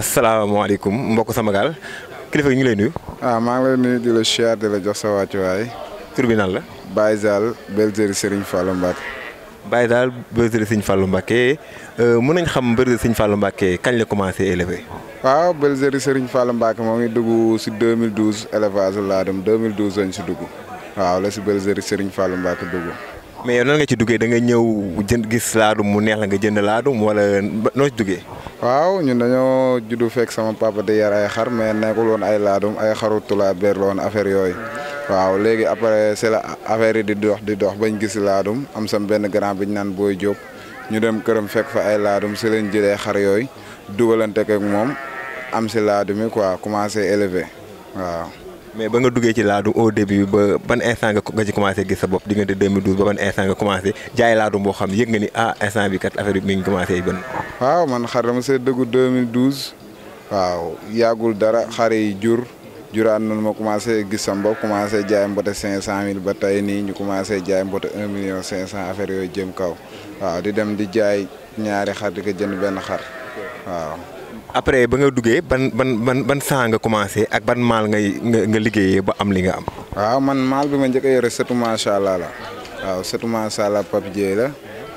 asalaamaaleykum mbokk sama gaal kilifa gi ñu lay nuyu. waaw ah, maa ngi lay nuyu di la chair di la jox sa wàccuwaay. tur bi nan la. Baye Zal Bergerie Serigne Fallou Mbacké. Baye Zal Bergerie Serigne Fallou Mbacké euh, mën nañ xam Bergerie Serigne Fallou Mbacké kañ la commencé élever. waaw Bergerie Serigne Fallou Mbacké moo ngi dugg si 2012 élevage laa dem 2012 lañ si dugg waaw la si Bergerie Serigne Fallou Mbacké dugg. mais yow nan nga ci duggee da nga ñëw jënd gis laadum mu neex la nga jënd laadum wala noo ci duggee. waaw ñun dañoo juddu fekk sama papa di yar ay xar mais nekkul woon ay laadum ay xaru tulaa beer la affaire yooyu waaw léegi après c'est la affaire yi di dox di dox bañ gis laadum am sam benn grand bi ñu naan booy jóob ñu dem këram fekk fa ay laadum si lañ jëlee xar yooyu dugalante ak moom am si laadum yi quoi commencé élever waaw. mais ba nga duggee ci laadum au début ba ban instant nga ci commencé gis sa bopp diggante ba ban instant nga commencé jaay laadum boo waaw man xar dama see dëggu 2012 waaw yagul dara xare yi jur juraan noonu ma commencé gis sa mbokk commencé jaay mbote 500000 ba tay ni ñu commencé jaay mbote 1 million 500 affaire yooyu jëm kaw waaw di dem di jaay ñaari xar di ko jënd ben xar waaw. après ba nga duggé ban ban ban ban sa nga commencé ak ban mal nga nga liggéeyee ba am li nga am. waaw man mal bi ma jëkë yoré setu ma sha allah la waaw setu ma sha allah Pape Dieye la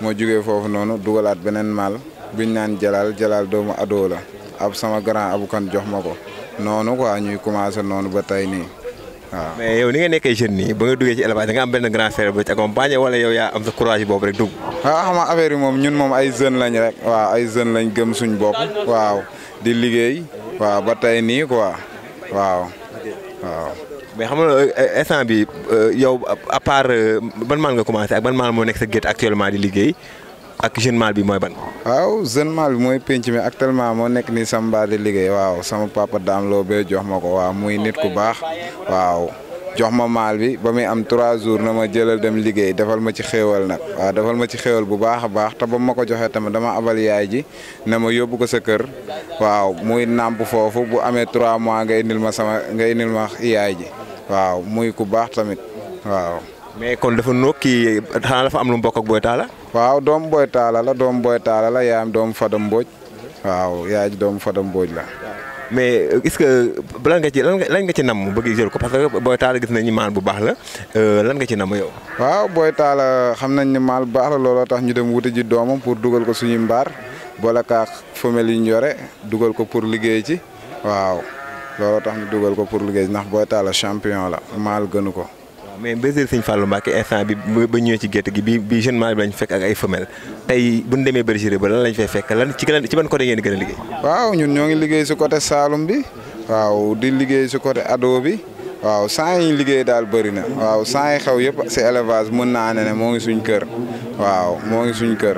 mo juggé fofu nonu dugalat benen mal biñ naan jalaal Jalal doomu Ado la ab sama grand abu kan jox ma ko noonu quoi ñuy commencé noonu ba tey nii waaw. mais yow ni nga nekkee jeune nii ba nga duggee ci élevage nga am benn grand frère bu ci accompagné wala yow yaa am sa courage boobu rek dugg. ah xam nga affaire moom ñun moom ay jeunes lañ rek. waaw ay jeunes lañ gëm suñ bopp. waaw di liggéey. waaw ba tey nii quoi waaw waaw. mais xam nga euh, instant bi euh, yow a part euh, ban maal nga commencé ak ban maal moo nekk sa gétt actuellement di liggéey. ak jeune mâle bi mooy ban. waaw jeune mâle bi mooy penc mi actuellement moo nekk nii sama mbaa liggéey waaw sama papa daam bee jox ma ko waaw muy nit ku baax waaw. jox ma mal bi ba muy am trois jours na ma jëlal dem liggéey defal ma ci xéewal nag waaw defal ma ci xéewal bu baax a baax te ba ma ko joxee tamit dama abal yaay ji na ma yóbbu ko sa kër waaw muy nàmp foofu bu amee trois mois nga indil ma sama nga ma yaay ji waaw muy ku baax tamit waaw. mais kon dafa nokki xana dafa am lu mu bokk ak Boy Talla. waaw doom Boy Talla la doom Boy Talla la yaam doom Fada Mbodj. waaw yaaji doom Fada Mbodj la. mais est-ce que lan nga ci lan nga ci nam bëgg jël ko parce que Boy Talla gis nañu mal bu baax la euh, lan nga ci nam yow. waaw Boy Talla xam nañ ni mal bu baax la lolo tax ñu dem wuti ji doomam pour dugal ko suñuy mbaar boole ka yi ñoré yore ko pour liggéey ci waaw lolo tax ñu duggal ko pour liggéey nak Boy champion la mal gënu ko. mais bergerie Sëñ Fallou Mbacké instant bi ba ñëwee ci gétt gi bi bi jeune mâle bi lañ fekk ak ay femelle tey bu ñu demee bergerie ba lan lañ fay fekk lan ci ci ban côté ngeen gën a liggéey. waaw ñun ñoo ngi liggéey si côté Saloum bi waaw di liggéey si côté Ado bi waaw saa yi liggéey daal bëri na waaw saa yi xew yëpp si élévage mën naa ne ne moo ngi suñ kër waaw moo ngi suñ kër.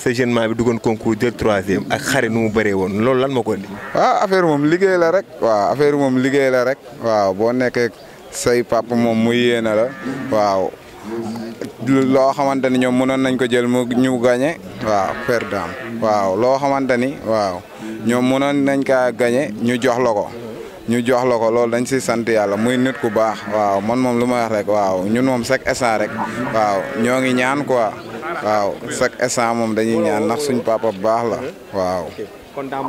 sa jeune ma bi dugon concours 3e ak xare nu mu bëree woon loolu lan moo indi. wa ah, affaire mom liggéey la rek wa affaire mom liggéey la rek wa bo nek say papa mom mu yéene la wa loo xamanteni ñom mënon nañ ko jël mu ñu gagné wa perdant wa loo xamanteni wa ñom mënon nañ ka gagné ñu jox lako ñu jox lako dañ si sante yalla muy nit ku baax waaw man mom luma wax rek waaw ñun mom sax essa rek waaw ñoo ñaan quoi. waaw chaque instant moom dañuy ñaan ndax suñ papa bu baax la waaw. kon daam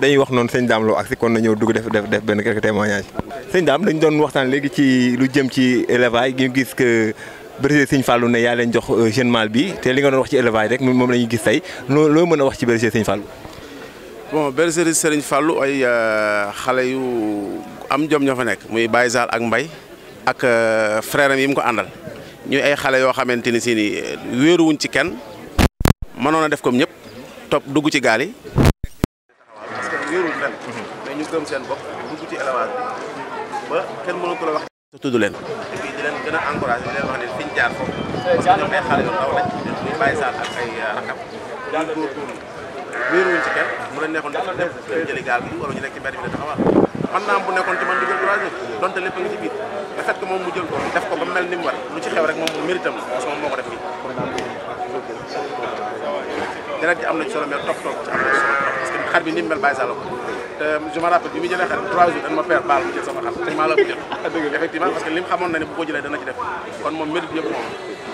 dañuy wax noonu sëñ Dame Lo ak si kon na ñëw dugg def def def benn quelques témoignages. sëñ Dame dañu doon waxtaan léegi ci lu jëm ci élevage ñu gis que bergerie Sëñ Fallou ne yaa leen jox euh, jeune bi te li nga doon wax ci élevage rek moom la ñuy gis tey loo loo mën a wax ci bergerie Sëñ Fallou. bon bergerie Sëriñ Fallou ay euh, xale yu am jom ñoo fa nekk muy Baye Zal ak mbay ak euh, frère am yi mu ko àndal. ñu ay xalé yo xamanteni seeni wëru wuñ ci kenn mënon na def ko ñëpp top dugg ci gaali yi. parce que mais ñu gëm seen bokk dugg ci élevage ba kenn mënu ko la wax. te tudd leen. di leen gën a encouragé di wax ne fi jaar yu lañ saal ak ay euh, rakam. ci kenn mu def def gaal bi wala ñu nekk ci mbedd taxawal. man bu ci man donte ci biir mu jël ko def ko ba mel ni mu war lu ci xew rek moom méritam parce que moom moo ko def fii deret ji am na ci solo mais toog toog ci am na ci solo parce que xar bi ni mel bàyyi sa la te je me bi muy jëlee xar trois jours baal mu jël sama xar te maa la ko effectivement parce que li mu xamoon na ne bu ko jëlee dana ci def kon moom mérite yëpp moom